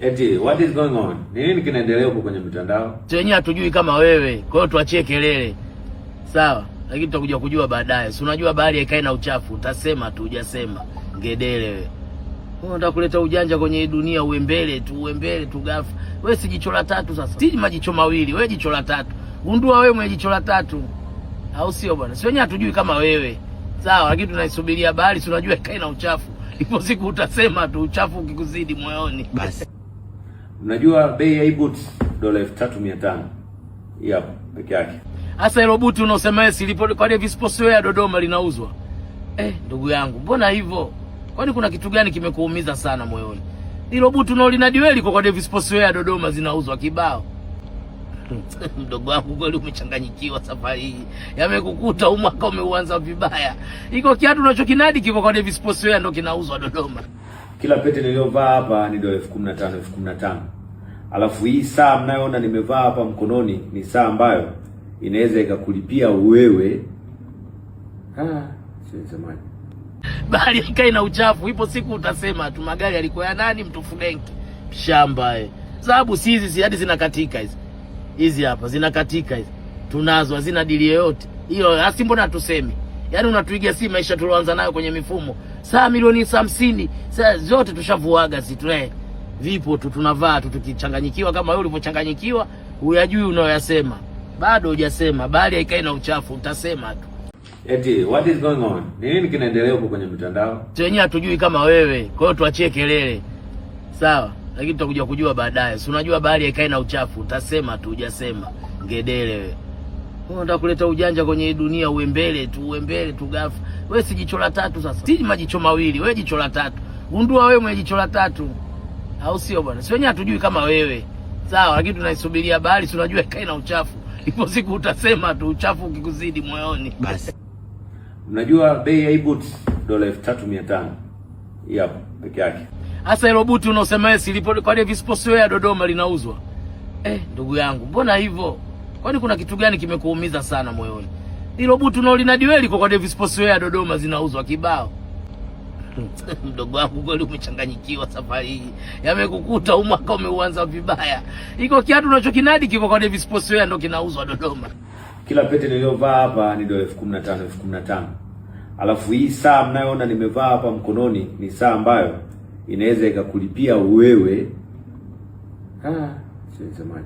Eti what is going on? Ni nini kinaendelea huko kwenye mitandao? Wenyewe hatujui kama wewe. Kwa hiyo tuachie kelele. Sawa, lakini tutakuja kujua baadaye. Si unajua bahari ikae na uchafu, utasema tu hujasema. Ngedele wewe. Wewe unataka kuleta ujanja kwenye dunia uwe mbele tu, uwe mbele tu gafu. Wewe si jicho la tatu sasa. Si majicho mawili, wewe jicho la tatu. Gundua wewe mwenye jicho la tatu. Au sio bwana? Si wenyewe hatujui kama wewe. Sawa, lakini tunaisubiria bahari, si unajua ikae na uchafu. Ipo siku utasema tu uchafu ukikuzidi moyoni. Basi. Unajua bei ya boot dola 3500 yep, peke yake. Hasa hilo buti unaosema yeye silipo kwa Davis Sports Wear Dodoma linauzwa. Eh, ndugu yangu, mbona hivyo? Kwani kuna kitu gani kimekuumiza sana moyoni? Hilo buti unao linadiweli kwa Davis Sports Wear Dodoma zinauzwa kibao. Mdogo wangu kweli umechanganyikiwa safari hii. Yamekukuta mwaka umeuanza vibaya. Iko kiatu unachokinadi kipo kwa ile Sports Wear ndio kinauzwa Dodoma. Kila pete niliyovaa hapa ni dola elfu kumi na tano elfu kumi na tano alafu hii saa mnayoona nimevaa hapa mkononi ni saa ambayo inaweza ikakulipia wewe siwezamani bahari ikae na uchafu. Ipo siku utasema tu magari yalikuwa ya nani? mtu fudenki shamba eh. sababu si hizi hadi zinakatika hizi hizi hapa zinakatika hizi tunazo, hazina dili yoyote hiyo. Asi mbona hatusemi? Yaani unatuiga si maisha tulioanza nayo kwenye mifumo saa milioni hamsini, saa zote tushavuaga situe eh. vipo tu tunavaa tu tukichanganyikiwa, kama wewe ulivyochanganyikiwa. uyajui unayoyasema, bado hujasema, bali haikai na uchafu, utasema tu eti what is going on, ni nini kinaendelea huko kwenye mtandao. Wenyewe hatujui kama wewe, kwa hiyo tuachie kelele, sawa, lakini tutakuja kujua baadaye. Si unajua, bali haikai na uchafu, utasema tu, hujasema ngedele wewe unataka kuleta ujanja kwenye dunia, uwe mbele tu, uwe mbele tu gafu. Wewe si jicho la tatu sasa, si majicho mawili, wewe jicho la tatu. Gundua wewe mwenye jicho la tatu, au sio bwana? Si wenyewe hatujui kama wewe sawa, lakini tunaisubiria habari, si unajua ikae na uchafu. Ipo siku utasema tu, uchafu ukikuzidi moyoni basi. unajua bei ya iboot dola elfu tatu mia tano hapo peke yake. Hasa hilo buti unaosema yeye silipo kwa Davis Sportswear Dodoma linauzwa. Eh, ndugu yangu, mbona hivyo? Kwani kuna kitu gani kimekuumiza sana moyoni? Hilo butu nalo lina diweli kwa Davis Sportswear Dodoma zinauzwa kibao. Mdogo wangu kweli umechanganyikiwa safari hii. Yamekukuta umwaka umeuanza vibaya. Iko kiatu unachokinadi kiko kwa Davis Sportswear ndo kinauzwa Dodoma. Kila pete niliyovaa hapa ni dola elfu kumi na tano elfu kumi na tano. Alafu hii saa mnayoona nimevaa hapa mkononi ni saa ambayo inaweza ikakulipia wewe. Ah, sio zamani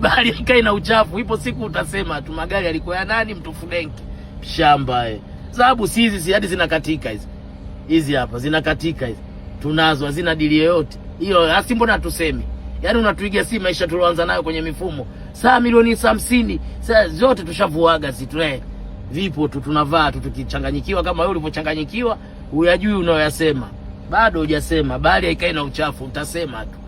bahari haikai na uchafu. Ipo siku utasema tu magari yalikuwa ya nani, mtu fudenki shamba eh. Sababu si hizi hadi zinakatika hizi hizi hapa zinakatika hizi tunazo, hazina dili yoyote hiyo. Asi mbona hatusemi? Yaani unatuiga si maisha tulioanza nayo kwenye mifumo saa milioni hamsini saa zote tushavuaga si eh, vipo tu tunavaa tu tukichanganyikiwa, kama wewe ulivyochanganyikiwa, huyajui unayoyasema. Bado hujasema bali haikai na uchafu, utasema tu.